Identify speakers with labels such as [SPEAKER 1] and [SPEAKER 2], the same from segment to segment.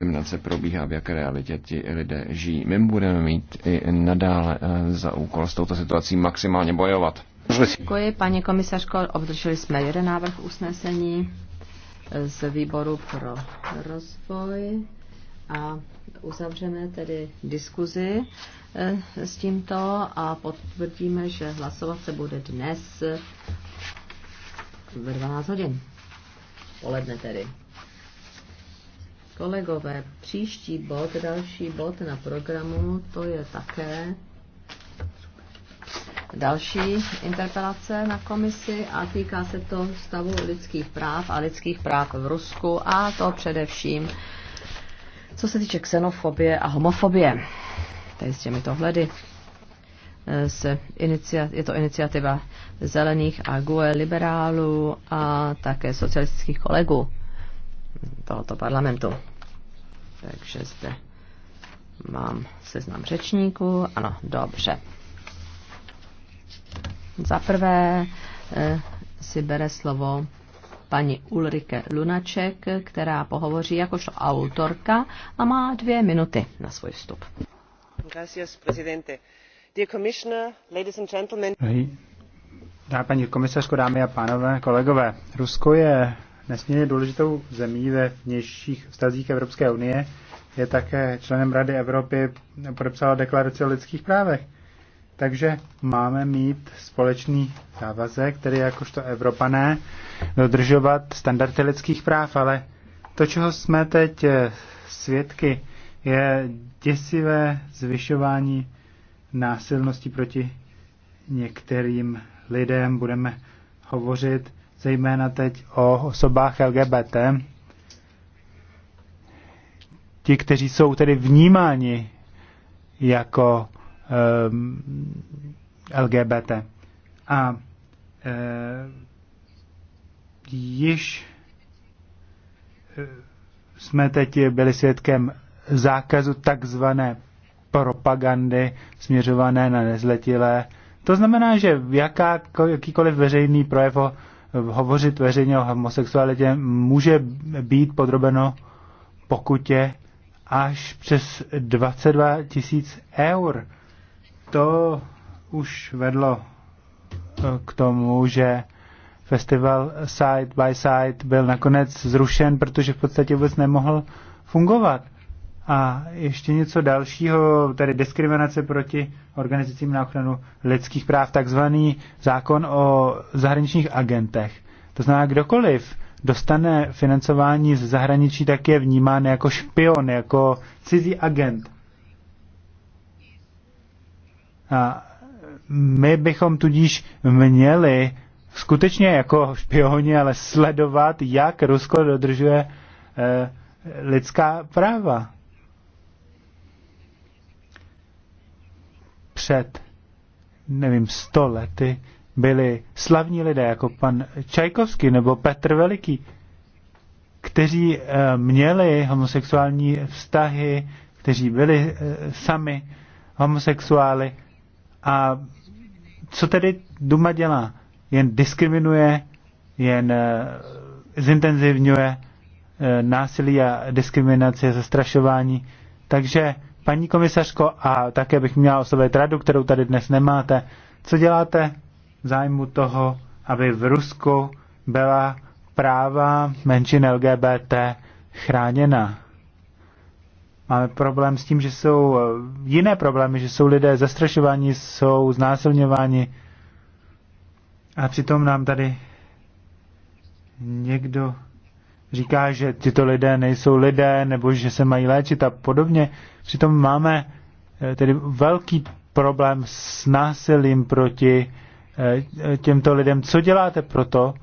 [SPEAKER 1] diskriminace probíhá, v jaké realitě ti lidé žijí. My budeme mít i nadále eh, za úkol s touto situací maximálně bojovat.
[SPEAKER 2] Děkuji, paní komisařko. Obdrželi jsme jeden návrh usnesení eh, z výboru pro rozvoj a uzavřeme tedy diskuzi eh, s tímto a potvrdíme, že hlasovat se bude dnes ve 12 hodin. Poledne tedy. Kolegové, příští bod, další bod na programu, to je také další interpelace na komisi a týká se to stavu lidských práv a lidských práv v Rusku a to především, co se týče xenofobie a homofobie. Tady s těmi tohledy eh, se inicia, je to iniciativa zelených a GUE liberálů a také socialistických kolegů tohoto parlamentu. Takže zde mám seznam řečníků. Ano, dobře. Za prvé eh, si bere slovo paní Ulrike Lunaček, která pohovoří jakožto autorka a má dvě minuty na svůj vstup.
[SPEAKER 3] Gracias, presidente. Dear
[SPEAKER 4] commissioner, ladies and gentlemen.
[SPEAKER 5] Dá paní komisařko, dámy a pánové, kolegové, Rusko je Nesmírně důležitou zemí ve vnějších vztazích Evropské unie je také členem Rady Evropy, podepsala deklaraci o lidských právech. Takže máme mít společný závazek, který jakožto Evropané, dodržovat standardy lidských práv, ale to, čeho jsme teď eh, svědky, je děsivé zvyšování násilnosti proti některým lidem. Budeme hovořit zejména teď o osobách LGBT. Ti, kteří jsou tedy vnímáni jako um, ehm, LGBT. A uh, již eh, jsme teď byli svědkem zákazu takzvané propagandy směřované na nezletilé. To znamená, že jaká, jakýkoliv veřejný projev o hovořit veřejně o homosexualitě může být podrobeno pokutě až přes 22 tisíc eur. To už vedlo eh, k tomu, že festival Side by Side byl nakonec zrušen, protože v podstatě vůbec nemohl fungovat. A ještě něco dalšího, tedy diskriminace proti organizacím na ochranu lidských práv, takzvaný zákon o zahraničních agentech. To znamená, kdokoliv dostane financování z zahraničí, tak je vnímán jako špion, jako cizí agent. A my bychom tudíž měli skutečně jako špioni, ale sledovat, jak Rusko dodržuje eh, lidská práva. před, nevím, sto lety byli slavní lidé jako pan Čajkovský nebo Petr Veliký, kteří eh, měli homosexuální vztahy, kteří byli eh, sami homosexuály. A co tedy Duma dělá? Jen diskriminuje, jen eh, zintenzivňuje násilí a diskriminaci a zastrašování. Takže Paní komisařko, a také bych měla oslovit radu, kterou tady dnes nemáte. Co děláte v zájmu toho, aby v Rusku byla práva menšin LGBT chráněna? Máme problém s tím, že jsou eh, jiné problémy, že jsou lidé zastrašováni, jsou znásilňováni. A přitom nám tady někdo říká, že tyto lidé nejsou lidé, nebo že se mají léčit a podobně. Přitom máme eh, tedy velký problém s násilím proti eh, těmto lidem. Co děláte proto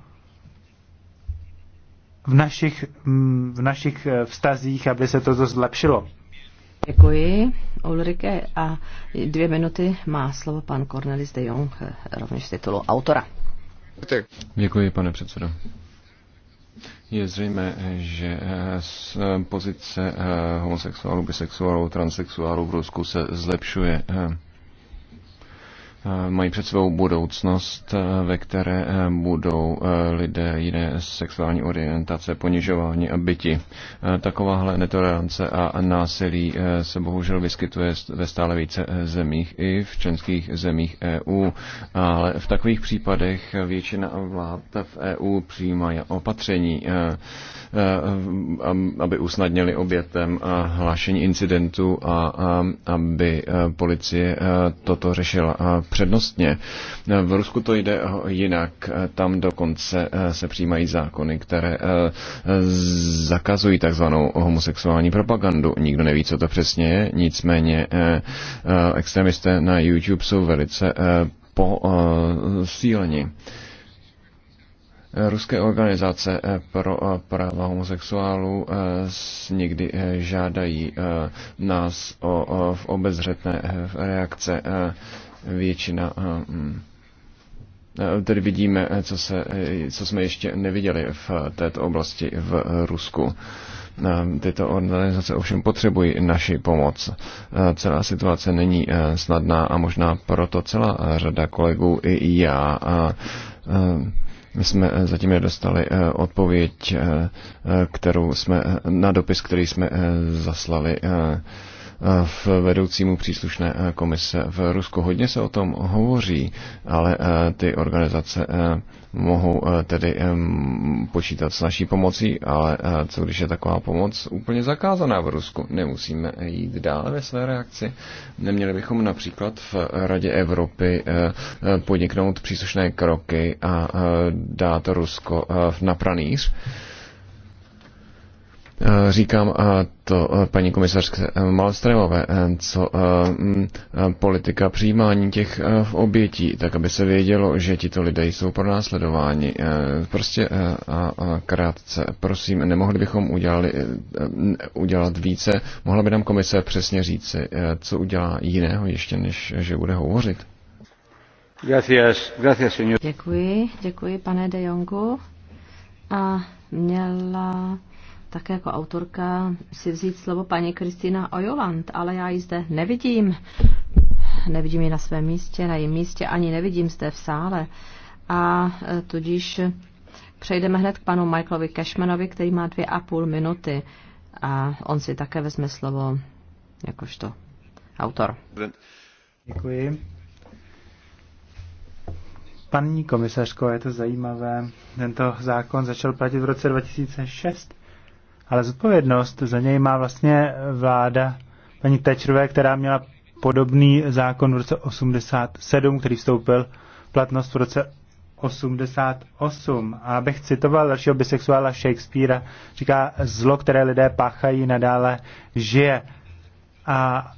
[SPEAKER 5] v našich, mm, v našich eh, vztazích, aby se toto zlepšilo?
[SPEAKER 2] Děkuji, Ulrike. A dvě minuty má slovo pan Cornelis de Jong,
[SPEAKER 1] rovněž titulu autora. Děkuji, pane předsedo. Je zřejmé, že z eh, eh, pozice eh, homosexuálů, bisexuálů, transexuálů v Rusku se zlepšuje. Eh, mají před svou budoucnost, eh, ve které eh, budou lidé jiné sexuální orientace ponižováni a byti. Takováhle netolerance a násilí se bohužel vyskytuje ve stále více zemích i v členských zemích EU, ale v takových případech většina vlád v EU přijímá opatření, aby usnadnili obětem hlášení incidentu a aby policie toto řešila přednostně. V Rusku to jde jinak. Tam dokonce eh, se přijímají zákony, které eh, zakazují takzvanou homosexuální propagandu. Nikdo neví, co to přesně je, nicméně eh, extremisté na YouTube jsou velice posíleni. Ruské organizace pro práva homosexuálů někdy žádají nás o obezřetné reakce většina eh, mm, eh, tedy vidíme, eh, co, se, co jsme ještě neviděli v této oblasti v Rusku. Tyto organizace ovšem potřebují naši pomoc. Celá situace není snadná a možná proto celá řada kolegů i já my jsme zatím nedostali odpověď, kterou jsme, na dopis, který jsme zaslali v vedoucímu příslušné eh, komise v Rusku. Hodně se o tom hovoří, ale eh, ty organizace eh, mohou tedy počítat s naší pomocí, ale co když je taková pomoc úplně zakázaná v Rusku? Nemusíme jít dále ve své reakci. Neměli bychom například v Radě Evropy podniknout příslušné kroky a dát Rusko na pranýř? Eh, říkám eh, to eh, paní komisařské Malstremové, co mm, politika přijímání těch obětí, tak aby se vědělo, že tito lidé jsou pro následování. Prostě a krátce, prosím, nemohli bychom udělali, udělat více. Mohla by nám komise přesně říci, co udělá jiného ještě, než že bude hovořit?
[SPEAKER 2] Děkuji, děkuji pane De Jongu. A měla také jako autorka si vzít slovo paní Kristýna Ojoland, ale já ji zde nevidím. Nevidím ji na svém místě, na jejím místě, ani nevidím zde v sále. A e, tudíž přejdeme hned k panu Michaelovi Cashmanovi, který má dvě a půl minuty. A on si také vezme slovo jakožto autor. Děkuji.
[SPEAKER 5] Paní komisařko, je to zajímavé. Tento zákon začal platit v roce 2006 ale zodpovědnost za něj má vlastně vláda paní Tečrové, která měla podobný zákon v roce 87, který vstoupil v platnost v roce 88. A abych citoval dalšího bisexuála Shakespearea, říká, zlo, které lidé páchají, nadále žije. A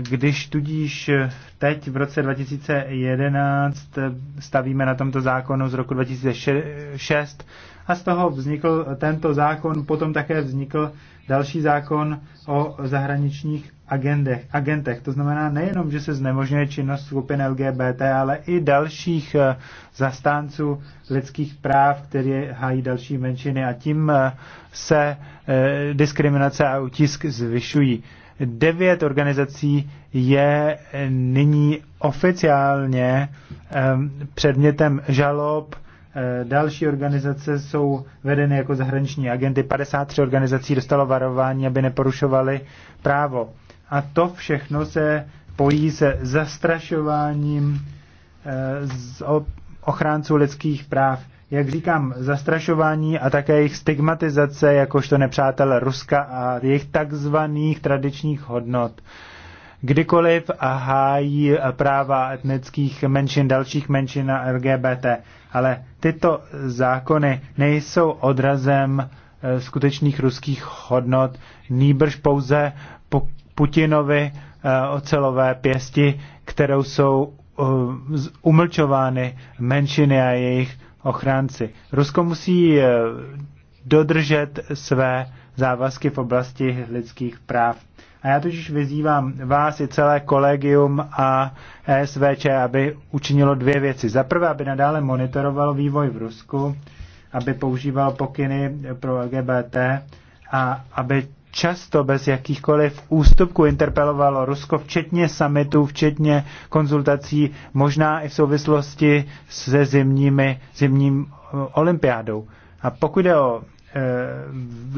[SPEAKER 5] když tudíž teď v roce 2011 stavíme na tomto zákonu z roku 2006 a z toho vznikl tento zákon, potom také vznikl další zákon o zahraničních agendech, agentech. To znamená nejenom, že se znemožňuje činnost skupin LGBT, ale i dalších eh, zastánců lidských práv, které hájí další menšiny a tím eh, se eh, diskriminace a utisk zvyšují. Devět organizací je nyní oficiálně předmětem žalob. E, další organizace jsou vedeny jako zahraniční agenty. 53 organizací dostalo varování, aby neporušovali právo. A to všechno se pojí se zastrašováním e, z ochránců lidských práv jak říkám, zastrašování a také jejich stigmatizace jakožto nepřátelé Ruska a jejich takzvaných tradičních hodnot. Kdykoliv a hájí práva etnických menšin, dalších menšin a LGBT, ale tyto zákony nejsou odrazem eh, skutečných ruských hodnot, nýbrž pouze po Putinovi eh, ocelové pěsti, kterou jsou eh, umlčovány menšiny a jejich ochránci. Rusko musí eh, dodržet své závazky v oblasti lidských práv. A já totiž vyzývám vás i celé kolegium a SVČ, aby učinilo dvě věci. Za prvé, aby nadále monitorovalo vývoj v Rusku, aby používalo pokyny pro LGBT a aby často bez jakýchkoliv ústupků interpelovalo Rusko, včetně summitů, včetně konzultací, možná i v souvislosti se zimními, zimním eh, olympiádou. A pokud je o e,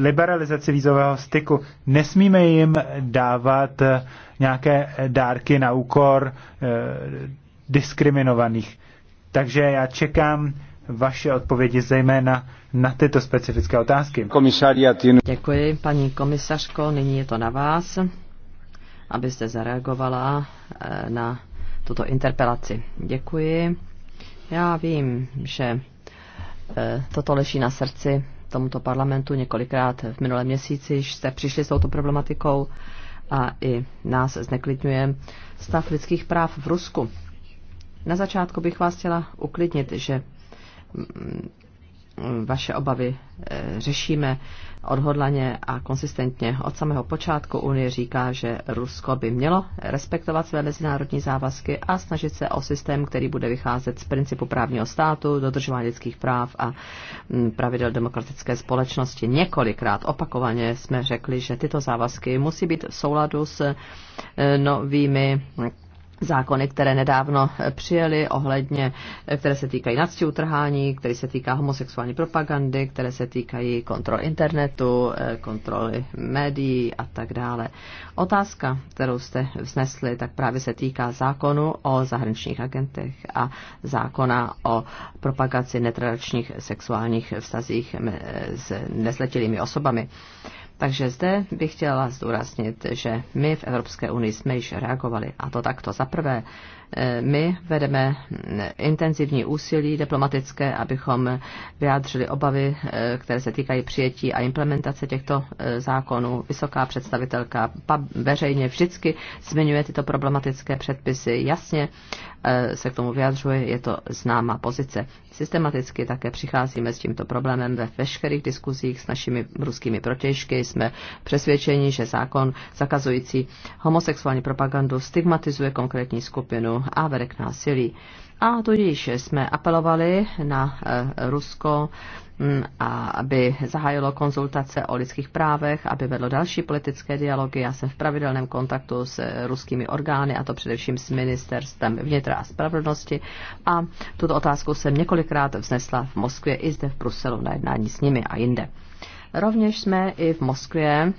[SPEAKER 5] liberalizaci vízového styku, nesmíme jim dávat eh, nějaké dárky na úkor e, diskriminovaných. Takže já čekám vaše odpovědi zejména na tyto specifické otázky.
[SPEAKER 2] Děkuji, paní komisařko. Nyní je to na vás, abyste zareagovala eh, na tuto interpelaci. Děkuji. Já vím, že eh, toto leží na srdci tomuto parlamentu několikrát v minulém měsíci, jste přišli s touto problematikou a i nás zneklidňuje stav lidských práv v Rusku. Na začátku bych vás chtěla uklidnit, že vaše obavy eh, řešíme odhodlaně a konsistentně. Od samého počátku Unie říká, že Rusko by mělo respektovat své mezinárodní závazky a snažit se o systém, který bude vycházet z principu právního státu, dodržování lidských práv a mm, pravidel demokratické společnosti. Několikrát opakovaně jsme řekli, že tyto závazky musí být v souladu s eh, novými zákony, které nedávno eh, přijeli ohledně, eh, které se týkají nadstí utrhání, které se týká homosexuální propagandy, které se týkají kontrol internetu, eh, kontroly médií a tak dále. Otázka, kterou jste vznesli, tak právě se týká zákonu o zahraničních agentech a zákona o propagaci netradičních sexuálních vztazích s nezletilými osobami. Takže zde bych chtěla zdůraznit, že my v Evropské unii jsme již reagovali. A to takto. Za prvé, my vedeme intenzivní úsilí diplomatické, abychom vyjádřili obavy, eh, které se týkají přijetí a implementace těchto eh, zákonů. Vysoká představitelka veřejně vždycky zmiňuje tyto problematické předpisy. Jasně eh, se k tomu vyjadřuje, je to známá pozice. Systematicky také přicházíme s tímto problémem ve veškerých diskuzích s našimi ruskými protěžky. Jsme přesvědčeni, že zákon zakazující homosexuální propagandu stigmatizuje konkrétní skupinu terorismu a vede k násilí. A tudíž jsme apelovali na eh, Rusko, mm, aby zahájilo konzultace o lidských právech, aby vedlo další politické dialogy. Já jsem v pravidelném kontaktu s eh, ruskými orgány, a to především s ministerstvem vnitra a spravedlnosti. A tuto otázku jsem několikrát vznesla v Moskvě i zde v Bruselu na jednání s nimi a jinde. Rovněž jsme i v Moskvě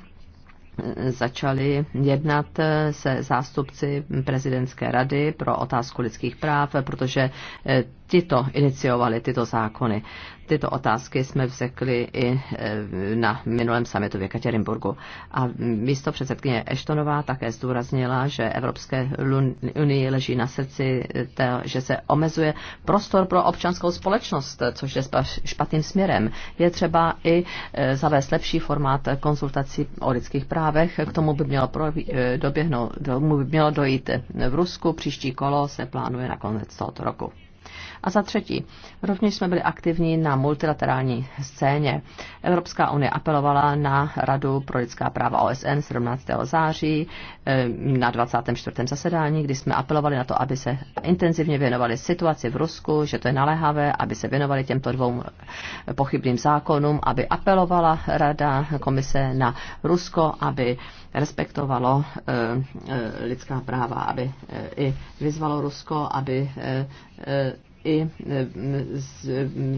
[SPEAKER 2] začali jednat se zástupci prezidentské rady pro otázku lidských práv, protože eh, tyto iniciovali tyto zákony. Tyto otázky jsme vzekli i e, na minulém summitu v Jekaterinburgu. A místo předsedkyně Eštonová také zdůraznila, že Evropské unii leží na srdci, e, že se omezuje prostor pro občanskou společnost, e, což je špatným směrem. Je třeba i zavést lepší formát konzultací o lidských právech. K tomu by mělo, doběhnout, tomu by mělo dojít v Rusku. Příští kolo se plánuje na konec tohoto roku. A za třetí, rovněž jsme byli aktivní na multilaterální scéně. Evropská unie apelovala na Radu pro lidská práva OSN 17. září eh, na 24. zasedání, kdy jsme apelovali na to, aby se intenzivně věnovali situaci v Rusku, že to je naléhavé, aby se věnovali těmto dvou pochybným zákonům, aby apelovala Rada komise na Rusko, aby respektovalo eh, eh, lidská práva, aby i vyzvalo Rusko, aby i e,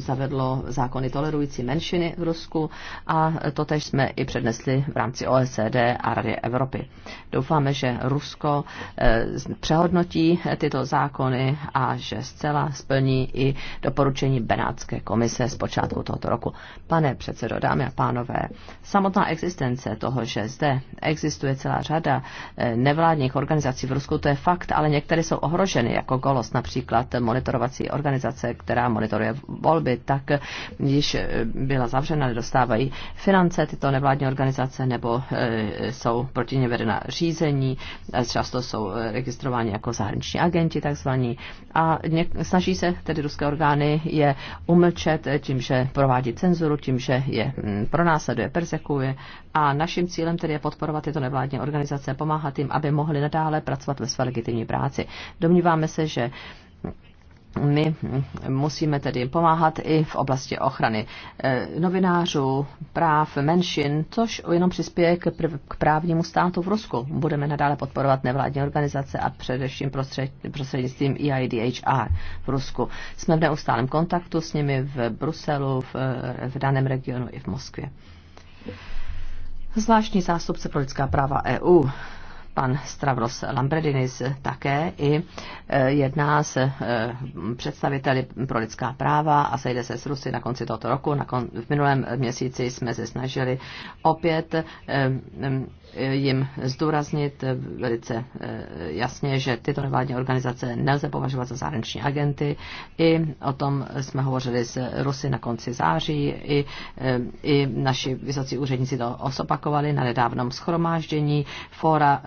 [SPEAKER 2] zavedlo zákony tolerující menšiny v Rusku a to tež jsme i přednesli v rámci OECD a Rady Evropy. Doufáme, že Rusko e, přehodnotí tyto zákony a že zcela splní i doporučení Benátské komise z počátku tohoto roku. Pane předsedo, dámy a pánové, samotná existence toho, že zde existuje celá řada e, nevládních organizací v Rusku, to je fakt, ale některé jsou ohroženy, jako Golos například monitorovací organizace, která monitoruje volby, tak již byla zavřena, nedostávají finance tyto nevládní organizace nebo e, jsou proti ně vedena řízení, e, často jsou e, registrováni jako zahraniční agenti takzvaní a snaží se tedy ruské orgány je umlčet tím, že provádí cenzuru, tím, že je pronásleduje, persekuje a naším cílem tedy je podporovat tyto nevládní organizace, pomáhat jim, aby mohli nadále pracovat ve své legitimní práci. Domníváme se, že my musíme tedy pomáhat i v oblasti ochrany eh, novinářů, práv menšin, což jenom přispěje k, prv, k právnímu státu v Rusku. Budeme nadále podporovat nevládní organizace a především prostřed, prostřednictvím EIDHR v Rusku. Jsme v neustálém kontaktu s nimi v Bruselu, v, eh, v daném regionu i v Moskvě. Zvláštní zástupce pro lidská práva EU pan Stravros Lambredinis také i e, jedná s e, představiteli pro lidská práva a sejde se s Rusy na konci tohoto roku. v minulém měsíci jsme se snažili opět e, jim zdůraznit eh, velice eh, jasně, že tyto nevládní organizace nelze považovat za zahraniční agenty. I o tom jsme hovořili s Rusy na konci září, i, eh, i naši vysocí úředníci to osopakovali na nedávnom schromáždění fóra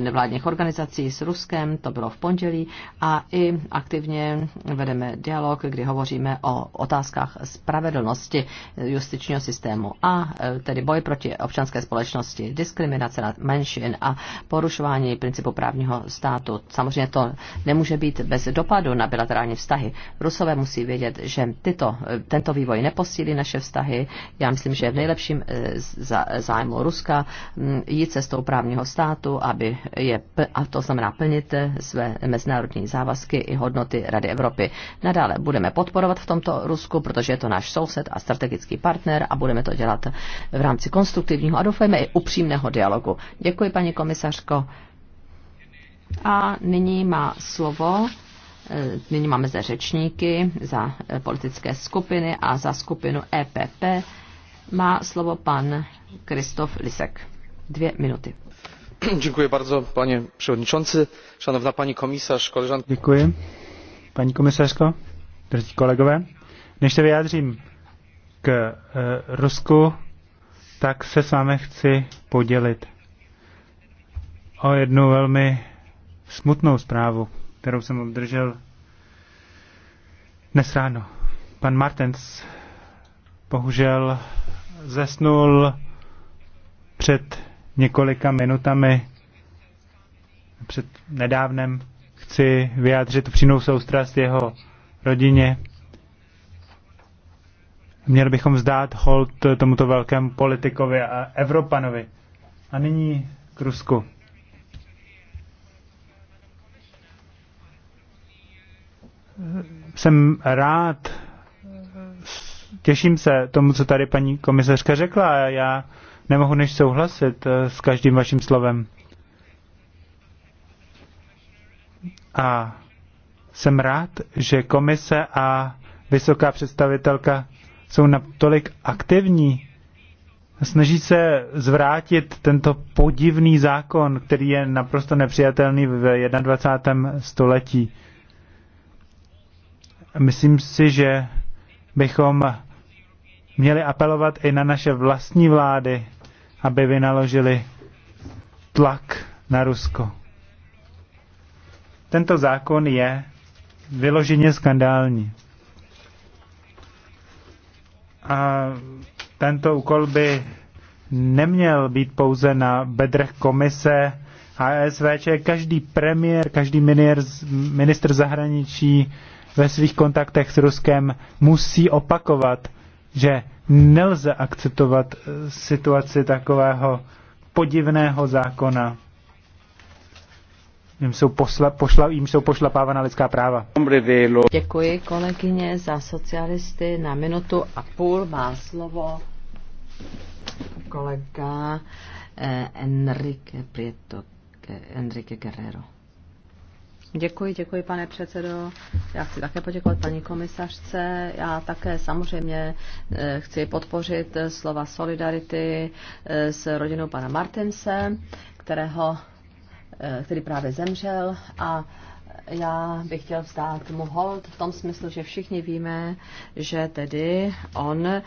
[SPEAKER 2] nevládních organizací s Ruskem, to bylo v pondělí, a i aktivně vedeme dialog, kdy hovoříme o otázkách spravedlnosti justičního systému a tedy boj proti občanské společnosti oblasti, diskriminace menšin a porušování principu právního státu. Samozřejmě to nemůže být bez dopadu na bilaterální vztahy. Rusové musí vědět, že tyto, tento vývoj neposílí naše vztahy. Já myslím, že je v nejlepším eh, zájmu Ruska hm, jít cestou právního státu, aby je, a to znamená plnit eh, své mezinárodní závazky i hodnoty Rady Evropy. Nadále budeme podporovat v tomto Rusku, protože je to náš soused a strategický partner a budeme to dělat v rámci konstruktivního a doufejme i upřímného dialogu. Děkuji, paní komisařko. A nyní má slovo, eh, nyní máme za řečníky za eh, politické skupiny a za skupinu EPP má slovo pan Kristof Lisek. Dvě minuty.
[SPEAKER 3] Děkuji bardzo, panie przewodniczący, szanowna pani komisarz, koleżanki.
[SPEAKER 5] Děkuji. Paní komisařko, drodzy kolegové, než se vyjádřím k eh, Rusku, tak se s vámi chci podělit o jednu velmi smutnou zprávu, kterou jsem obdržel dnes ráno. Pan Martens bohužel zesnul před několika minutami, před nedávnem. Chci vyjádřit přínou soustrast jeho rodině. Měli bychom vzdát hold tomuto velkému politikovi a Evropanovi. A nyní k Rusku. Jsem rád, těším se tomu, co tady paní komisařka řekla. Já nemohu než souhlasit eh, s každým vaším slovem. A jsem rád, že komise a vysoká představitelka jsou natolik aktivní, snaží se zvrátit tento podivný zákon, který je naprosto nepřijatelný v 21. století. Myslím si, že bychom měli apelovat i na naše vlastní vlády, aby vynaložili tlak na Rusko. Tento zákon je vyloženě skandální. A tento úkol by neměl být pouze na bedrech komise SVČ. Každý premiér, každý ministr zahraničí ve svých kontaktech s Ruskem musí opakovat, že nelze akceptovat eh, situaci takového podivného zákona jim jsou, posla, pošla, jim jsou pošlapávána lidská práva.
[SPEAKER 2] Děkuji kolegyně za socialisty. Na minutu a půl má slovo kolega eh, Enrique Prieto, Enrique Guerrero. Děkuji, děkuji, pane předsedo. Já chci také poděkovat paní komisařce. Já také samozřejmě eh, chci podpořit slova solidarity eh, s rodinou pana Martinse, kterého Eh, který právě zemřel a já bych chtěl vzdát mu hold v tom smyslu, že všichni víme, že tedy on e,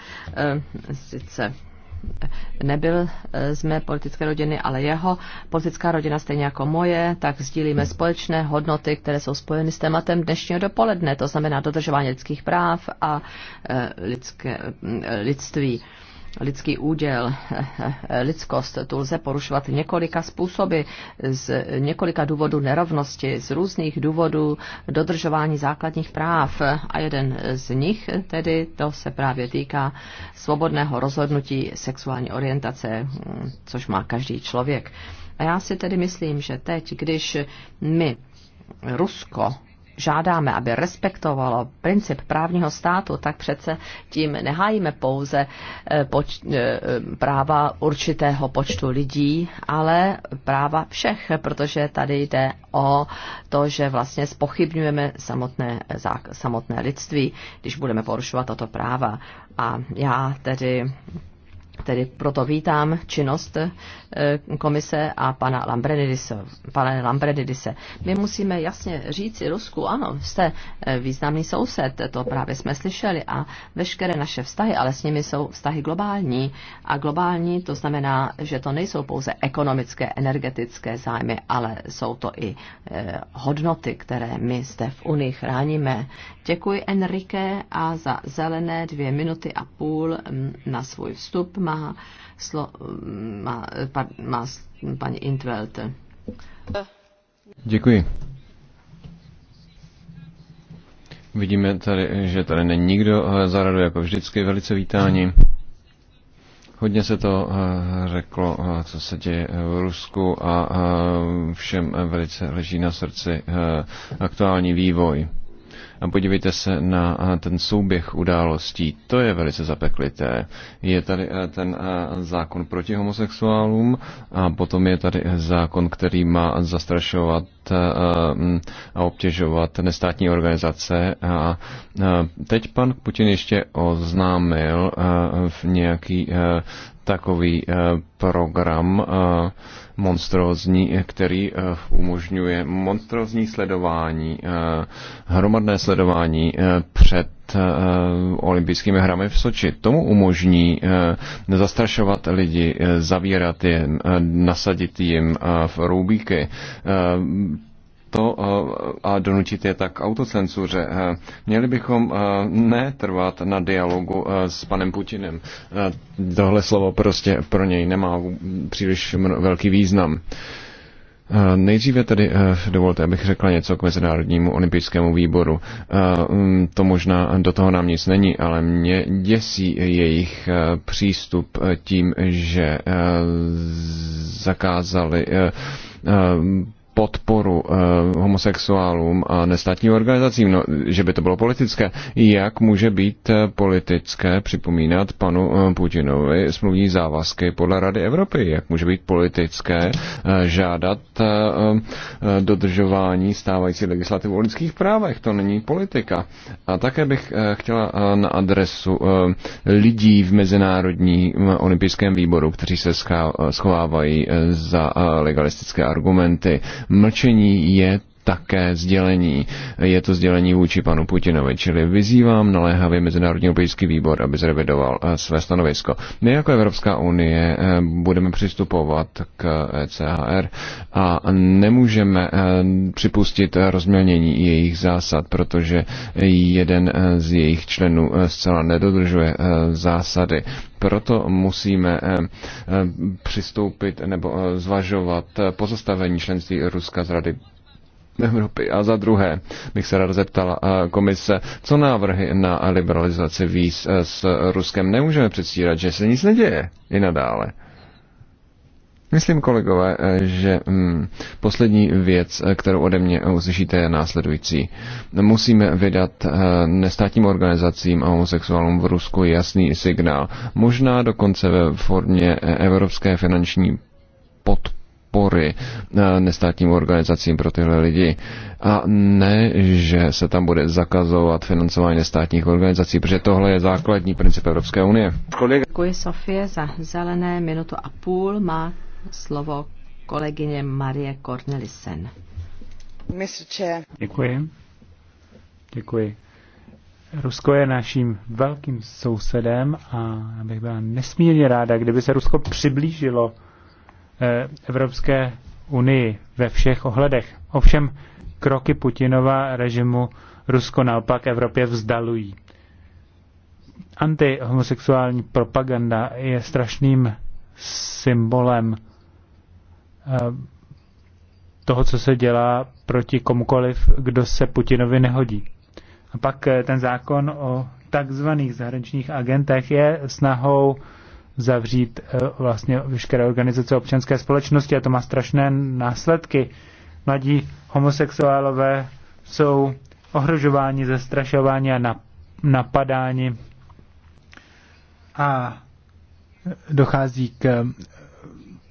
[SPEAKER 2] sice nebyl eh, z mé politické rodiny, ale jeho politická rodina, stejně jako moje, tak sdílíme společné hodnoty, které jsou spojeny s tématem dnešního dopoledne, to znamená dodržování lidských práv a lidské, mm, lidství lidský úděl, lidskost, tu lze porušovat několika způsoby, z několika důvodů nerovnosti, z různých důvodů dodržování základních práv. A jeden z nich tedy, to se právě týká svobodného rozhodnutí sexuální orientace, což má každý člověk. A já si tedy myslím, že teď, když my Rusko žádáme, aby respektovalo princip právního státu, tak přece tím nehájíme pouze eh, poč- eh, práva určitého počtu lidí, ale práva všech, protože tady jde o to, že vlastně spochybňujeme samotné, samotné lidství, když budeme porušovat toto práva. A já tedy Tedy proto vítám činnost eh, komise a pana Lambrenidise. Pane Lambrenidise, my musíme jasně říci Rusku, ano, jste eh, významný soused, to právě jsme slyšeli a veškeré naše vztahy, ale s nimi jsou vztahy globální. A globální to znamená, že to nejsou pouze ekonomické, energetické zájmy, ale jsou to i eh, hodnoty, které my zde v Unii chráníme. Děkuji Enrique a za zelené dvě minuty a půl mm, na svůj vstup má, slo, má, pa, má paní Intvelte.
[SPEAKER 1] Děkuji. Vidíme tady, že tady není nikdo eh, za radu, jako vždycky, velice vítání. Hodně se to eh, řeklo, eh, co se děje v Rusku a všem velice leží na srdci aktuální vývoj. A podívejte se na ten souběh událostí. To je velice zapeklité. Je tady ten zákon proti homosexuálům a potom je tady zákon, který má zastrašovat a obtěžovat nestátní organizace. A teď pan Putin ještě oznámil v nějaký takový program, monstrózní, eh, který eh, umožňuje monstrózní sledování, eh, hromadné sledování před olympijskými hrami v Soči. Tomu umožní zastrašovat lidi, zavírat je, nasadit jim v roubíky, to eh, a donutit je tak autocenzuře. Eh, měli bychom eh, netrvat na dialogu s panem Putinem. Tohle slovo prostě pro něj nemá příliš velký význam. Nejdříve tedy dovolte, abych řekla něco k Mezinárodnímu olympijskému výboru. Mm, to možná do toho nám nic není, ale mě děsí jejich přístup tím, že zakázali podporu eh, homosexuálům a nestátním organizacím, no, že by to bylo politické. Jak může být eh, politické připomínat panu eh, Putinovi smluvní závazky podle Rady Evropy? Jak může být politické žádat dodržování stávající legislativy o lidských právech? To není politika. A také bych chtěla na adresu lidí v Mezinárodním olympijském výboru, kteří se schovávají za legalistické argumenty, mlčení je také sdělení. Je to sdělení vůči panu Putinovi, čili vyzývám naléhavě Mezinárodní olympijský výbor, aby zrevidoval eh, své stanovisko. My jako Evropská unie eh, budeme přistupovat k e CHR a nemůžeme eh, připustit rozmělnění jejich zásad, protože jeden z jejich členů zcela nedodržuje zásady proto musíme přistoupit nebo zvažovat pozastavení členství Ruska z Rady Evropy. A za druhé bych se rád zeptal eh, komise, co návrhy na liberalizaci víz eh, s Ruskem nemůžeme předstírat, že se nic neděje i nadále. Myslím, kolegové, eh, že mm, poslední věc, kterou ode mě uslyšíte, je následující. Musíme vydat nestátním organizacím a homosexuálům v Rusku jasný signál, možná dokonce ve formě evropské finanční podpory podpory eh, nestátním organizacím pro tyhle lidi. A ne, že se tam bude zakazovat financování nestátních organizací, protože tohle je základní princip Evropské unie.
[SPEAKER 2] Děkuji Sofie za zelené minutu a půl. Má slovo kolegyně Marie Cornelissen.
[SPEAKER 5] Děkuji. Děkuji. Rusko je naším velkým sousedem a bych byla nesmírně ráda, kdyby se Rusko přiblížilo Eh, Evropské unii ve všech ohledech. Ovšem kroky Putinova režimu Rusko naopak Evropě vzdalují. Antihomosexuální propaganda je strašným symbolem eh, toho, co se dělá proti komukoliv, kdo se Putinovi nehodí. A pak eh, ten zákon o takzvaných zahraničních agentech je snahou zavřít eh, vlastně veškeré organizace občanské společnosti a to má strašné následky. Mladí homosexuálové jsou ohrožováni, zastrašováni a napadáni a dochází k eh,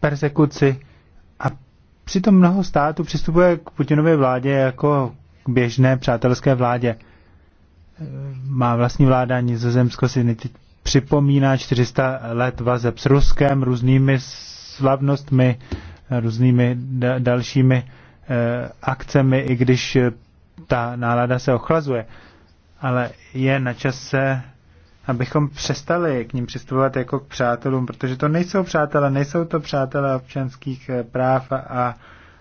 [SPEAKER 5] persekuci a přitom mnoho států přistupuje k Putinově vládě jako k běžné přátelské vládě. Eh, má vlastní vláda, Nizozemsko si připomíná 400 let vazeb s Ruskem, různými slavnostmi, různými dalšími eh, akcemi, i když eh, ta nálada se ochlazuje. Ale je na čase, abychom přestali k ním přistupovat jako k přátelům, protože to nejsou přátelé, nejsou to přátelé občanských eh, práv a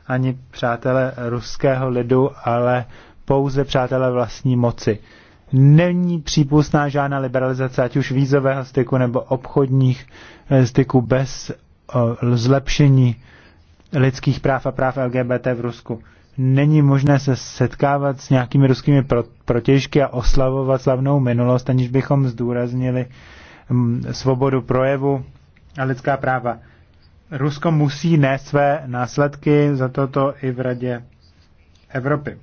[SPEAKER 5] ani přátelé ruského lidu, ale pouze přátelé vlastní moci není přípustná žádná liberalizace, ať už vízového styku nebo obchodních eh, styků bez eh, zlepšení lidských práv a práv LGBT v Rusku. Není možné se setkávat s nějakými ruskými protěžky a oslavovat slavnou minulost, aniž bychom zdůraznili mm, svobodu projevu a lidská práva. Rusko musí nést své následky za toto i v Radě Evropy.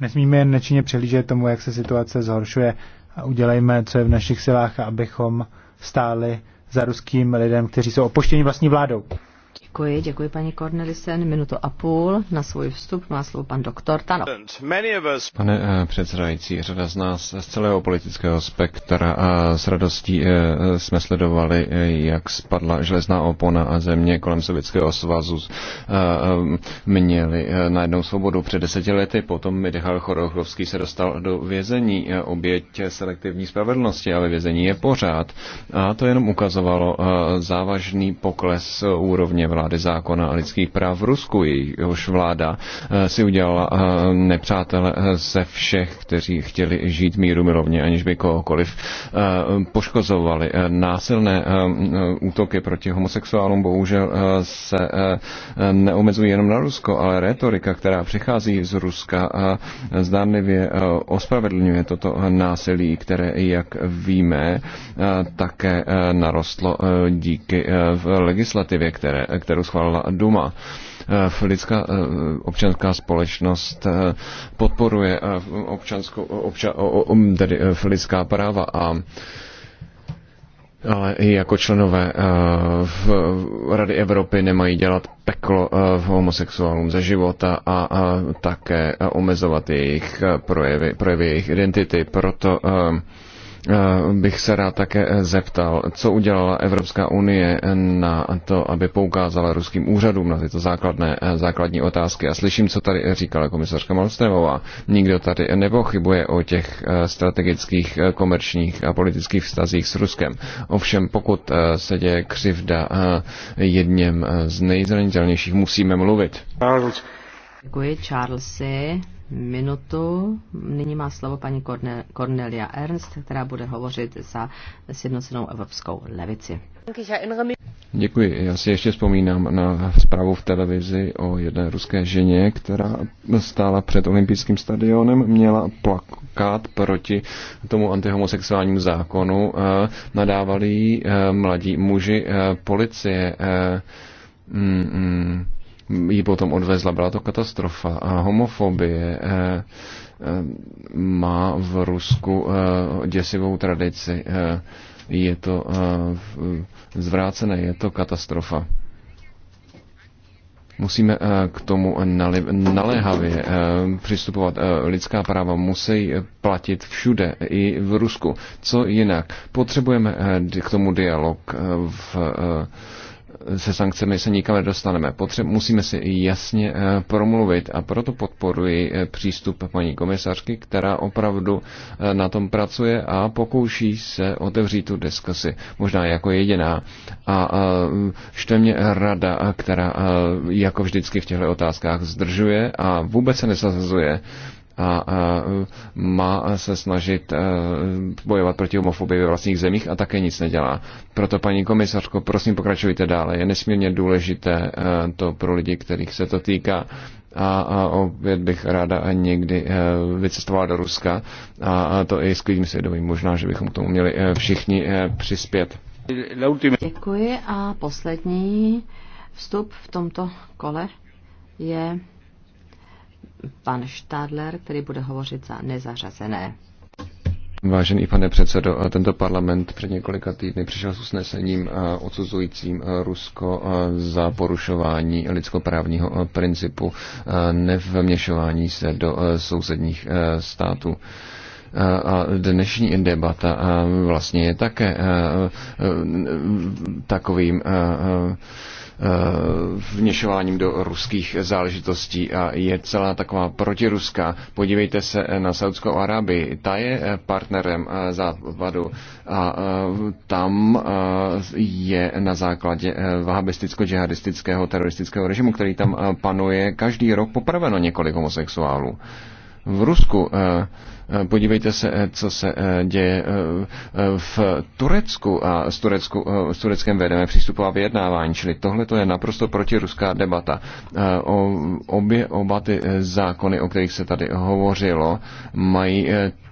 [SPEAKER 5] Nesmíme jen nečinně přelížet tomu, jak se situace zhoršuje a udělejme, co je v našich silách, abychom stáli za ruským lidem, kteří jsou opoštěni vlastní vládou.
[SPEAKER 2] Děkuji, děkuji paní Cornelisen. Minutu a půl na svůj vstup má slovo pan doktor Tano.
[SPEAKER 1] Pane eh, předsedající, řada z nás z celého politického spektra a eh, s radostí eh, jsme sledovali, jak spadla železná opona a země kolem Sovětského svazu měli najednou svobodu před deseti lety. Potom Michal Chorochovský se dostal do vězení oběť selektivní spravedlnosti, ale vězení je pořád. A to jenom ukazovalo závažný pokles úrovně vlády vlády zákona a lidských práv v Rusku. Jehož vláda eh, si udělala eh, nepřátele eh, ze všech, kteří chtěli žít míru milovně, aniž by kohokoliv poškozovali. Násilné útoky proti homosexuálům bohužel se neomezují jenom na Rusko, ale retorika, která přichází z Ruska, zdánlivě ospravedlňuje toto násilí, které, jak víme, také narostlo díky legislativě, které, které kterou schválila Duma. Eh, lidská eh, občanská společnost eh, podporuje občanskou, obča, um, tedy lidská práva a ale i jako členové v Rady Evropy nemají dělat peklo homosexuálům za života a také omezovat jejich projevy, projevy jejich identity. Proto Eh, bych se rád také eh, zeptal, co udělala Evropská unie eh, na to, aby poukázala ruským úřadům na tyto základné, základní otázky. A slyším, co tady říkala komisařka Malmstremová. Nikdo tady nepochybuje o těch strategických, komerčních a politických vztazích s Ruskem. Ovšem, pokud se děje křivda jedním z nejzranitelnějších, musíme mluvit.
[SPEAKER 2] Děkuji, Charlesy minutu. Nyní má slovo paní Cornelia Ernst, která bude hovořit za sjednocenou evropskou levici.
[SPEAKER 1] Děkuji. Já si ještě vzpomínám na zprávu v televizi o jedné ruské ženě, která stála před olympijským stadionem, měla plakát proti tomu antihomosexuálnímu zákonu. Eh, nadávali eh, mladí muži eh, policie. Mm, mm ji potom odvezla. Byla to katastrofa. A homofobie eh, eh, má v Rusku eh, děsivou tradici. Je to zvrácené, je to katastrofa. Musíme k tomu naléhavě přistupovat. Lidská práva musí platit všude, i v Rusku. Co jinak? Potřebujeme k tomu dialog v se sankcemi se nikam nedostaneme. Potřeb, musíme si jasně eh, promluvit a proto podporuji eh, přístup paní komisařky, která opravdu eh, na tom pracuje a pokouší se otevřít tu diskusi, možná jako jediná. A šte mě rada, která jako vždycky v těchto otázkách zdržuje a vůbec se nesazazuje a, a má se snažit e, bojovat proti homofobii ve vlastních zemích a také nic nedělá. Proto, paní komisařko, prosím pokračujte dále. Je nesmírně důležité e, to pro lidi, kterých se to týká. A, a opět bych ráda někdy e, vycestovala do Ruska a, a to i s klidným svědomím. Možná, že bychom k tomu měli všichni přispět.
[SPEAKER 2] Děkuji a poslední vstup v tomto kole je pan Stadler, který bude hovořit za nezařazené.
[SPEAKER 1] Vážený pane předsedo, tento parlament před několika týdny přišel s usnesením odsuzujícím Rusko za porušování lidskoprávního principu nevměšování se do sousedních států. A dnešní debata vlastně je také takovým vněšováním do ruských záležitostí a je celá taková protiruská. Podívejte se na Saudskou Arábii, ta je partnerem západu a tam je na základě e, vahabisticko-džihadistického teroristického režimu, který tam panuje, každý rok popraveno několik homosexuálů. V Rusku e, Podívejte se, eh, co se eh, děje eh, v Turecku a s, Turecku, s Tureckem vedeme přístupová vyjednávání, čili tohle to je naprosto protiruská debata. O, obě, oba ty zákony, o kterých se tady hovořilo, mají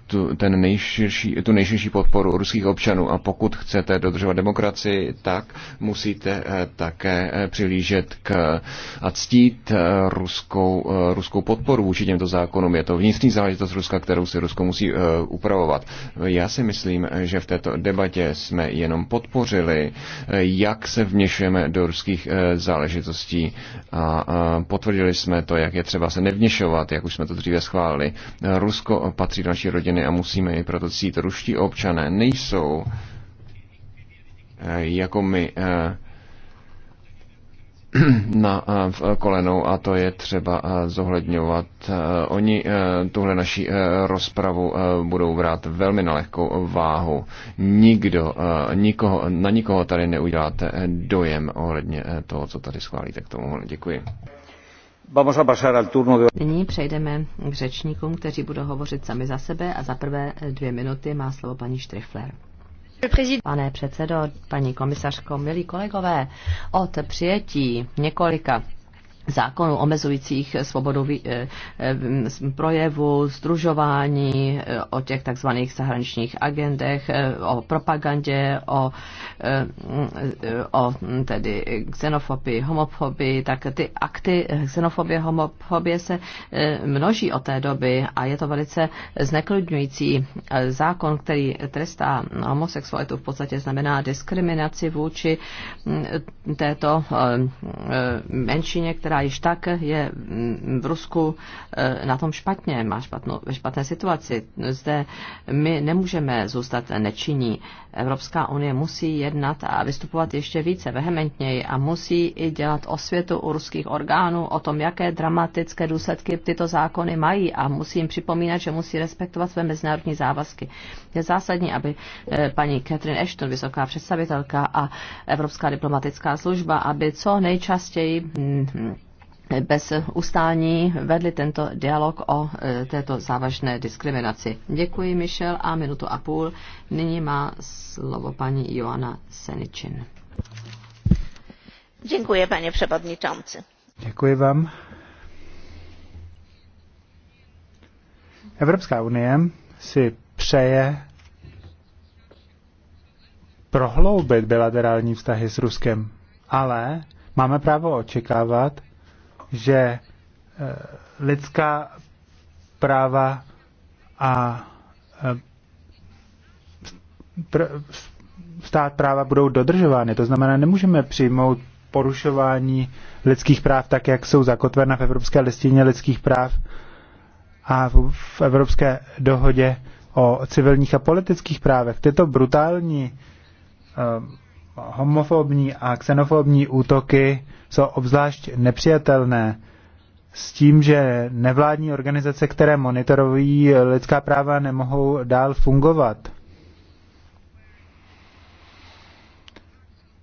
[SPEAKER 1] tu, ten nejširší, tu nejširší podporu ruských občanů. A pokud chcete dodržovat demokracii, tak musíte eh, také eh, přilížet k a ctít eh, ruskou, ruskou podporu vůči těmto zákonům. Je to vnitřní záležitost Ruska, kterou si Rusko musí upravovat. Já si myslím, že v této debatě jsme jenom podpořili, jak se vněšujeme do ruských záležitostí a potvrdili jsme to, jak je třeba se nevněšovat, jak už jsme to dříve schválili. Rusko patří do naší rodiny Ukrajiny a musíme ji proto cít. Ruští občané nejsou eh, jako my eh, na eh, kolenou a to je třeba zohledňovat. Oni tuhle naši rozpravu budou brát velmi na lehkou váhu. Nikdo, nikoho, na nikoho tady neuděláte dojem ohledně toho, co tady schválíte k tomu. Děkuji.
[SPEAKER 2] Nyní přejdeme k řečníkům, kteří budou hovořit sami za sebe a za prvé dvě minuty má slovo paní Štrifler. Pane předsedo, paní komisařko, milí kolegové, od přijetí několika zákonů omezujících svobodu eh, eh, projevu, združování, eh, o těch takzvaných zahraničních agendech, o propagandě, o, o tedy xenofobii, homofobii, tak ty akty xenofobie, homofobie se množí od té doby a je to velice zneklidňující zákon, který trestá homosexualitu v podstatě znamená diskriminaci vůči mm, této menšině, která která již tak je mm, v Rusku eh, na tom špatně, má špatnou, ve špatné situaci. Zde my nemůžeme zůstat nečinní. Evropská unie musí jednat a vystupovat ještě více vehementněji a musí i dělat osvětu u ruských orgánů o tom, jaké dramatické důsledky tyto zákony mají a musí jim připomínat, že musí respektovat své mezinárodní závazky. Je zásadní, aby eh, paní Catherine Ashton, vysoká představitelka a Evropská diplomatická služba, aby co nejčastěji mm, bez ustání vedli tento dialog o e, této závažné diskriminaci. Děkuji, Michel, a minutu a půl. Nyní má slovo paní Joana Seničin. Děkuji, pane předsedající. Děkuji
[SPEAKER 5] vám. Evropská unie si přeje prohloubit bilaterální vztahy s Ruskem, ale máme právo očekávat, že eh, lidská práva a eh, stát práva budou dodržovány. To znamená, nemůžeme přijmout porušování lidských práv tak, jak jsou zakotvena v Evropské listině lidských práv a v Evropské dohodě o civilních a politických právech. Tyto brutální um, homofobní a xenofobní útoky jsou obzvlášť nepřijatelné s tím, že nevládní organizace, které monitorují lidská práva, nemohou dál fungovat.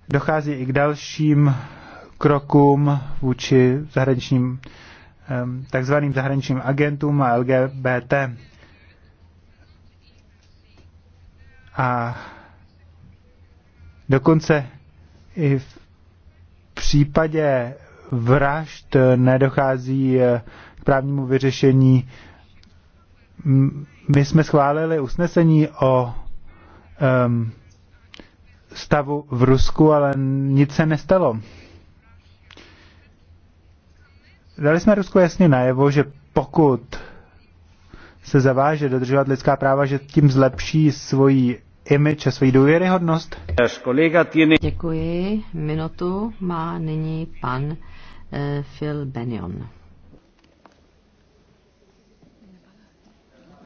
[SPEAKER 5] Dochází i k dalším krokům vůči zahraničním, takzvaným zahraničním agentům a LGBT. A Dokonce i v případě vražd nedochází eh, k právnímu vyřešení. My jsme schválili usnesení o um, stavu v Rusku, ale nic se nestalo. Dali jsme Rusku jasně najevo, že pokud se zaváže dodržovat lidská práva, že tím zlepší svoji image a svoji důvěryhodnost.
[SPEAKER 2] Děkuji. Minutu má nyní pan uh, Phil Benion.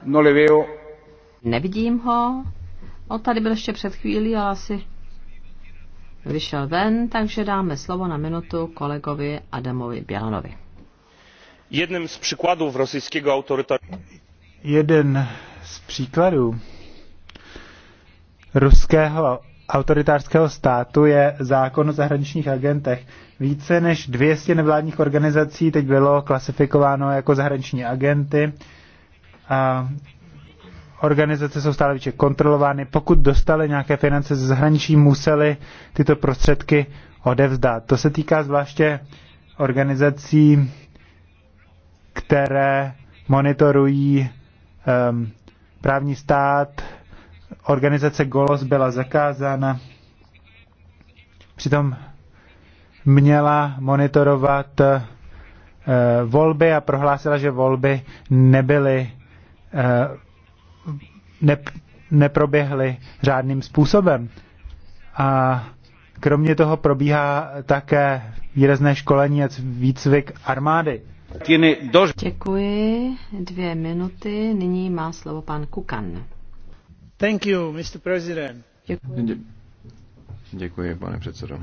[SPEAKER 1] No le veo.
[SPEAKER 2] Nevidím ho. On tady byl ještě před chvílí, ale asi vyšel ven, takže dáme slovo na minutu kolegovi Adamovi Bělanovi.
[SPEAKER 5] Jedním z příkladů rosyjského autoritarismu. Jeden z příkladů ruského autoritářského státu je zákon o zahraničních agentech. Více než 200 nevládních organizací teď bylo klasifikováno jako zahraniční agenty. A organizace jsou stále více kontrolovány. Pokud dostali nějaké finance ze zahraničí, museli tyto prostředky odevzdat. To se týká zvláště organizací, které monitorují um, právní stát, organizace Golos byla zakázána. Přitom měla monitorovat eh, volby a prohlásila, že volby nebyly, eh, ne, neproběhly řádným způsobem. A kromě toho probíhá také výrazné školení a výcvik armády.
[SPEAKER 2] Děkuji. Dvě minuty. Nyní má slovo pan Kukan. Thank you, Mr. President.
[SPEAKER 1] Děkuji. pane předsedo.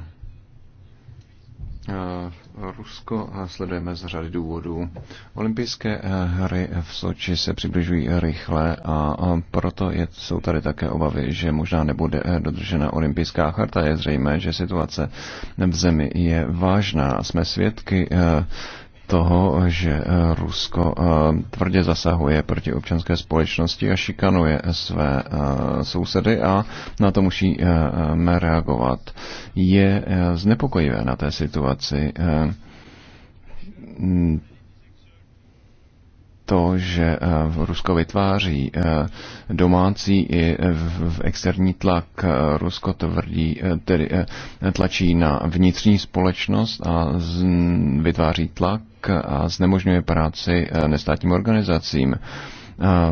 [SPEAKER 1] Eh, Rusko sledujeme z řady důvodů. Olympijské eh, hry v Soči se přibližují rychle a proto je, jsou tady také obavy, že možná nebude eh, dodržena olympijská charta. Je zřejmé, že situace v zemi je vážná. Jsme svědky toho, že eh, Rusko eh, tvrdě zasahuje proti občanské společnosti a šikanuje své eh, sousedy a na to musíme reagovat. Je znepokojivé na té situaci to, že eh, Rusko vytváří eh, domácí i v externí tlak. Rusko tvrdí, eh, tedy tlačí na vnitřní společnost a vytváří tlak a znemožňuje práci nestátním organizacím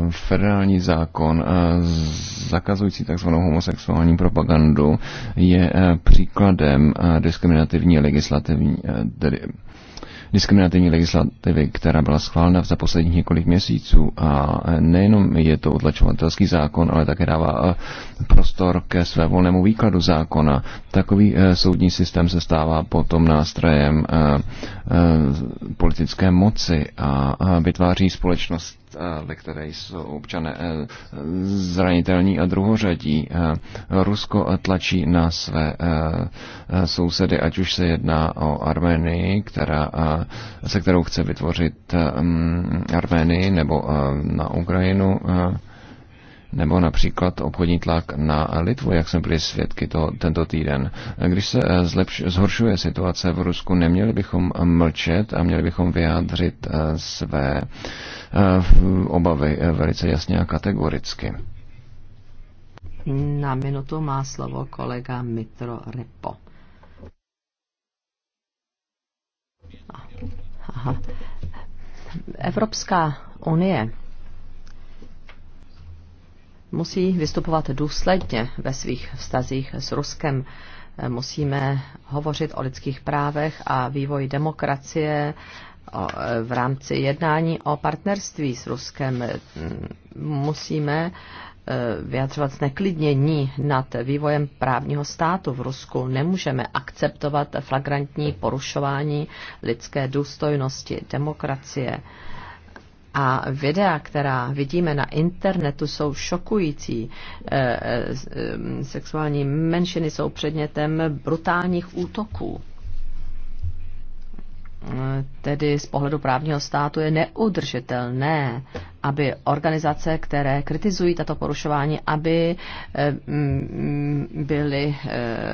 [SPEAKER 1] federální zákon zakazující takzvanou homosexuální propagandu je příkladem diskriminativní legislativní, tedy diskriminativní legislativy, která byla schválena za posledních několik měsíců. A nejenom je to utlačovatelský zákon, ale také dává eh, prostor ke své volnému výkladu zákona. Takový eh, soudní systém se stává potom nástrojem eh, politické moci a vytváří společnost ve které jsou občané e, zranitelní a druhořadí. E, Rusko tlačí na své e, sousedy, ať už se jedná o Arménii, která, se kterou chce vytvořit Arménii, nebo na Ukrajinu nebo například obchodní tlak na Litvu, jak jsme byli svědky to, tento týden. Když se eh, zlepš, zhoršuje situace v Rusku, neměli bychom mlčet a měli bychom vyjádřit eh, své eh, obavy velice jasně a kategoricky.
[SPEAKER 2] Na minutu má slovo kolega Mitro Repo. Aha. Evropská unie musí vystupovat důsledně ve svých vztazích s Ruskem. Musíme hovořit o lidských právech a vývoji demokracie v rámci jednání o partnerství s Ruskem. Musíme e, vyjadřovat zneklidnění nad vývojem právního státu v Rusku. Nemůžeme akceptovat flagrantní porušování lidské důstojnosti, demokracie a videa, která vidíme na internetu, jsou šokující. Eh, eh, sexuální menšiny jsou předmětem brutálních útoků. Eh, tedy z pohledu právního státu je neudržitelné, aby organizace, které kritizují tato porušování, aby mm, byly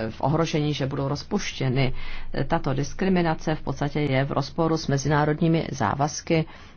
[SPEAKER 2] v ohrožení, že budou rozpuštěny. Tato diskriminace v podstatě je v rozporu s mezinárodními závazky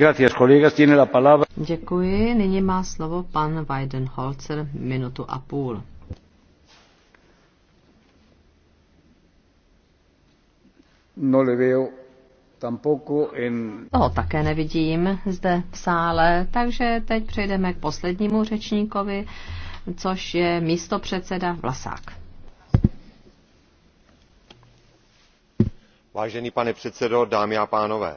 [SPEAKER 5] Gracias, colegas. Tiene la palabra.
[SPEAKER 2] Děkuji. Nyní má slovo pan Weidenholzer, minutu a půl.
[SPEAKER 1] No le veo tampoco en... Toho no,
[SPEAKER 2] také nevidím zde v sále, takže teď přejdeme k poslednímu řečníkovi, což je místopředseda Vlasák.
[SPEAKER 4] Vážený pane předsedo, dámy a pánové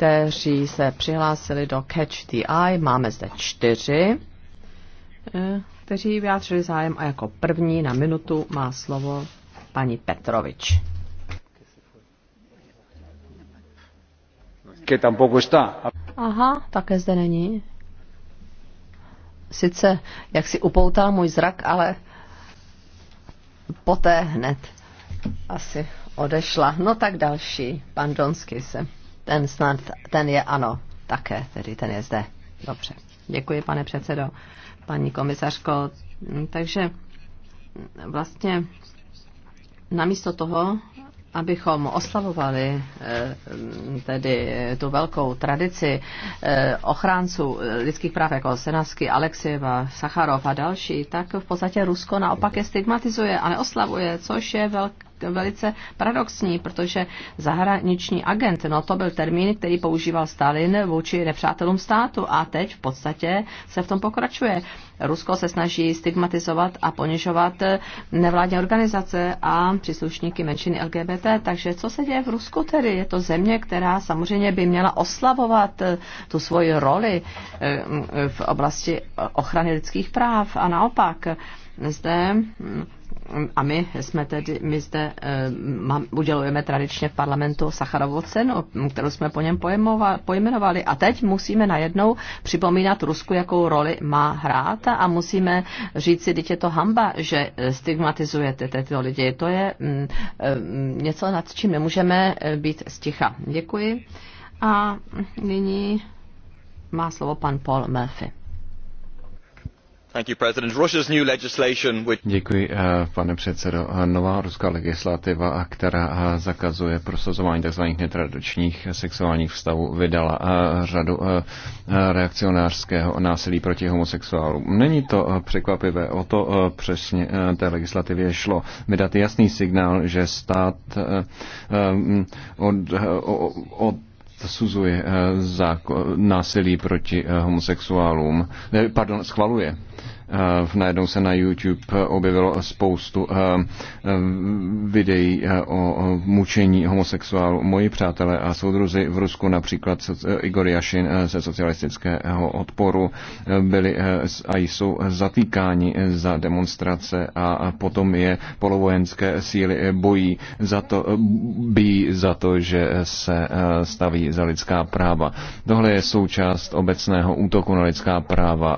[SPEAKER 2] kteří se přihlásili do Catch the Eye. Máme zde čtyři, eh, kteří vyjádřili zájem a jako první na minutu má slovo paní Petrovič. Aha, také zde není. Sice, jak si upoutá můj zrak, ale poté hned asi odešla. No tak další, pan Donsky se ten snad, ten je ano, také, tedy ten je zde. Dobře. Děkuji, pane předsedo, paní komisařko. Takže vlastně namísto toho, abychom oslavovali eh, tedy tu velkou tradici eh, ochránců lidských práv jako Senasky, Alexieva, Sacharov a další, tak v podstatě Rusko naopak je stigmatizuje a neoslavuje, což je velký velice paradoxní, protože zahraniční agent, no to byl termín, který používal Stalin vůči nepřátelům státu a teď v podstatě se v tom pokračuje. Rusko se snaží stigmatizovat a ponižovat nevládní organizace a příslušníky menšiny LGBT. Takže co se děje v Rusku tedy? Je to země, která samozřejmě by měla oslavovat tu svoji roli eh, v oblasti ochrany lidských práv a naopak zde hm, a my jsme tedy, my zde uh, udělujeme tradičně v parlamentu Sacharovu cenu, kterou jsme po něm pojmenovali. A teď musíme najednou připomínat Rusku, jakou roli má hrát a musíme říct si, dítě to hamba, že stigmatizujete tyto lidi. To je mm, eh, něco, nad čím nemůžeme eh, být sticha. Děkuji. A nyní má slovo pan Paul Murphy.
[SPEAKER 1] Děkuji, eh, pane předsedo. Eh, nová ruská legislativa, eh, která zakazuje prosazování tzv. netradičních sexuálních vztavů, vydala řadu reakcionářského násilí proti homosexuálům. Není to překvapivé, o to přesně té legislativě šlo. Vydat jasný signál, že stát od, od, od násilí proti homosexuálům, pardon, schvaluje Eh, najednou se na YouTube eh, objevilo spoustu eh, videí o mučení homosexuálů. Moji přátelé a soudruzi v Rusku, například Igor Jašin ze socialistického odporu, byli a jsou zatýkáni za demonstrace a potom je polovojenské síly bojí za to, bíjí za to, že se staví za lidská práva. Tohle je součást obecného útoku na lidská práva.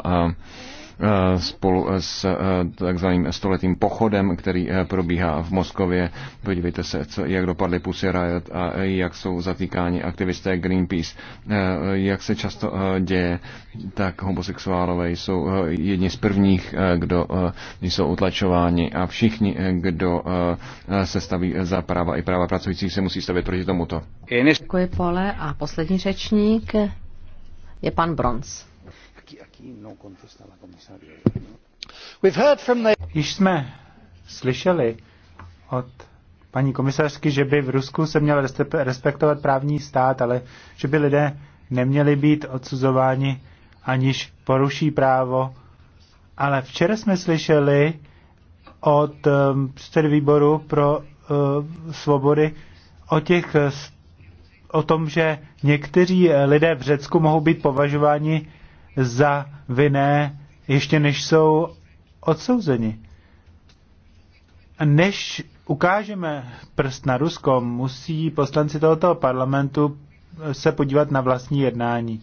[SPEAKER 1] Eh, spolu s eh, takzvaným stoletým pochodem, který eh, probíhá v Moskově. Podívejte se, co, jak dopadly Pussy Riot a jak jsou zatýkáni aktivisté Greenpeace. Jak se často děje, tak homosexuálové jsou jedni z prvních, kdo jsou utlačováni a všichni, kdo se staví za práva i práva pracujících, se musí stavět proti tomuto.
[SPEAKER 2] Děkuji, Pole. A poslední řečník je pan Bronz.
[SPEAKER 5] No no? Již jsme slyšeli od paní komisařky, že by v Rusku se měl respektovat právní stát, ale že by lidé neměli být odsuzováni, aniž poruší právo. Ale včera jsme slyšeli od ehm, předsedy výboru pro uh, svobody o těch o tom, že někteří lidé v Řecku mohou být považováni za vinné, ještě než jsou odsouzeni. než ukážeme prst na Rusko, musí poslanci tohoto parlamentu se podívat na vlastní jednání.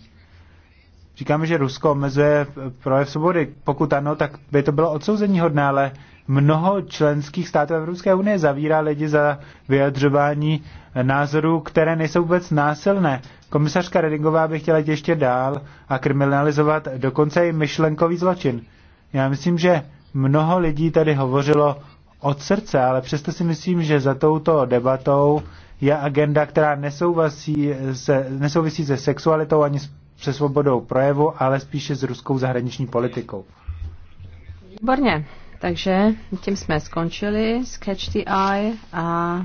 [SPEAKER 5] Říkáme, že Rusko omezuje projev svobody. Pokud ano, tak by to bylo odsouzení hodné, ale mnoho členských států Evropské unie zavírá lidi za vyjadřování názorů, které nejsou vůbec násilné. Komisařka Redingová by chtěla jít ještě dál a kriminalizovat dokonce i myšlenkový zločin. Já myslím, že mnoho lidí tady hovořilo od srdce, ale přesto si myslím, že za touto debatou je agenda, která nesouvisí se, nesouvisí se sexualitou ani s se svobodou projevu, ale spíše s ruskou zahraniční politikou.
[SPEAKER 2] Výborně. Takže tím jsme skončili Sketch the Eye a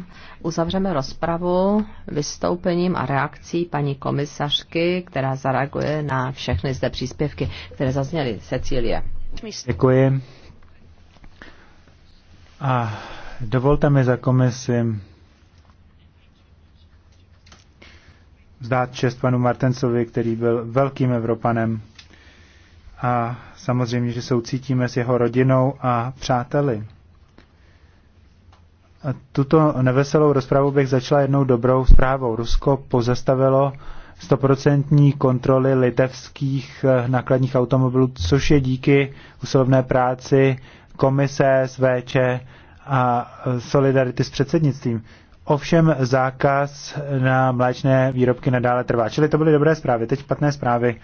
[SPEAKER 2] uzavřeme rozpravu vystoupením a reakcí paní komisařky, která zareaguje na všechny zde příspěvky, které zazněly. Cecílie.
[SPEAKER 5] Děkuji. A dovolte mi za komisím vzdát čest panu Martensovi, který byl velkým Evropanem. A samozřejmě, že soucítíme s jeho rodinou a přáteli. Tuto neveselou rozpravu bych začala jednou dobrou zprávou. Rusko pozastavilo stoprocentní kontroly litevských eh, nákladních automobilů, což je díky usilovné práci komise SVČ a eh, solidarity s předsednictvím. Ovšem zákaz na mléčné výrobky nadále trvá. Čili to byly dobré zprávy. Teď špatné zprávy.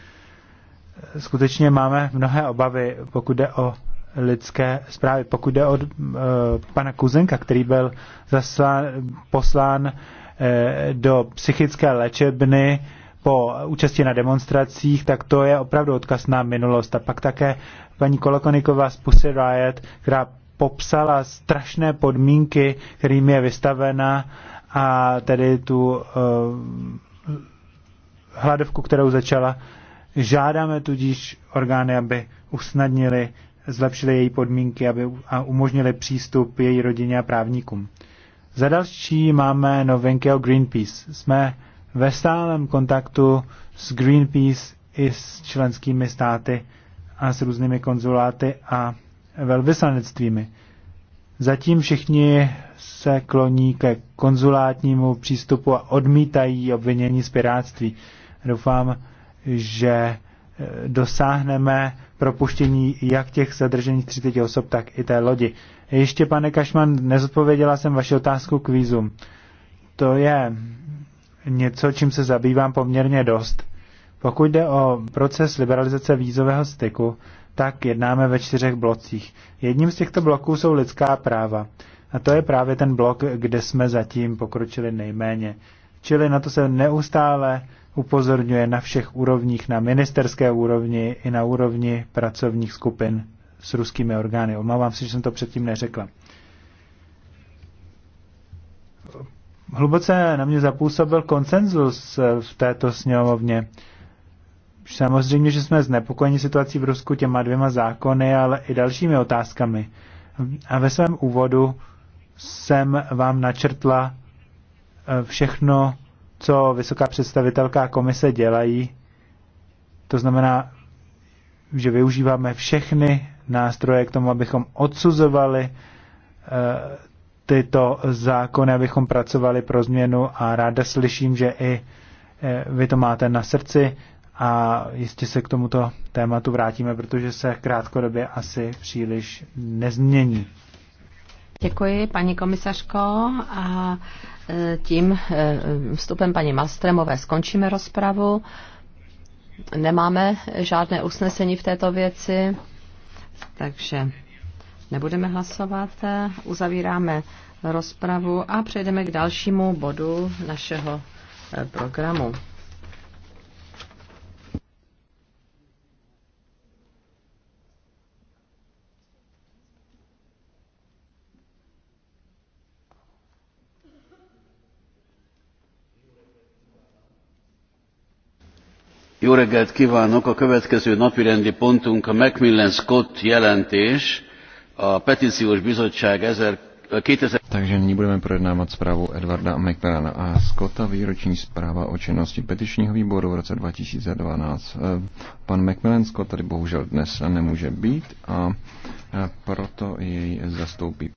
[SPEAKER 5] Skutečně máme mnohé obavy, pokud jde o lidské zprávy. Pokud jde od e, eh, pana Kuzenka, který byl zaslán, poslán e, do psychické léčebny po účasti na demonstracích, tak to je opravdu odkaz na minulost. A pak také paní Kolokoniková z Pussy Riot, která popsala strašné podmínky, kterým je vystavena a tedy tu uh, hladovku, kterou začala. Žádáme tudíž orgány, aby usnadnili, zlepšili její podmínky aby, a umožnili přístup její rodině a právníkům. Za další máme novinky o Greenpeace. Jsme ve stálem kontaktu s Greenpeace i s členskými státy a s různými konzuláty a velvyslanectvími. Zatím všichni se kloní ke konzulátnímu přístupu a odmítají obvinění z piráctví. Doufám, že eh, dosáhneme propuštění jak těch zadržených 30 osob, tak i té lodi. Ještě, pane Kašman, nezodpověděla jsem vaši otázku k vízum. To je něco, čím se zabývám poměrně dost. Pokud jde o proces liberalizace vízového styku, tak jednáme ve čtyřech blocích. Jedním z těchto bloků jsou lidská práva. A to je právě ten blok, kde jsme zatím pokročili nejméně. Čili na to se neustále upozorňuje na všech úrovních, na ministerské úrovni i na úrovni pracovních skupin s ruskými orgány. Omlouvám se, že jsem to předtím neřekla. Hluboce na mě zapůsobil konsenzus v této sněmovně Samozřejmě, že jsme znepokojeni situací v Rusku těma dvěma zákony, ale i dalšími otázkami. A ve svém úvodu jsem vám načrtla eh, všechno, co vysoká představitelka a komise dělají. To znamená, že využíváme všechny nástroje k tomu, abychom odsuzovali eh, tyto zákony, abychom pracovali pro změnu a ráda slyším, že i eh, vy to máte na srdci a jistě se k tomuto tématu vrátíme, protože se krátkodobě asi příliš nezmění.
[SPEAKER 2] Děkuji, paní komisařko. A e, tím e, vstupem paní Malstremové skončíme rozpravu. Nemáme žádné usnesení v této věci, takže nebudeme hlasovat. Uzavíráme rozpravu a přejdeme k dalšímu bodu našeho e, programu.
[SPEAKER 1] Jó reggelt
[SPEAKER 3] kívánok! A következő napirendi pontunk a Macmillan Scott jelentés, a Petíciós Bizottság 1000
[SPEAKER 1] takže nyní budeme projednávat zprávu Edvarda McMillana a Scotta, výroční zpráva o činnosti petičního výboru v roce 2012. Eh, pan McMillan Scott tady bohužel dnes nemůže být a eh, proto jej zastoupí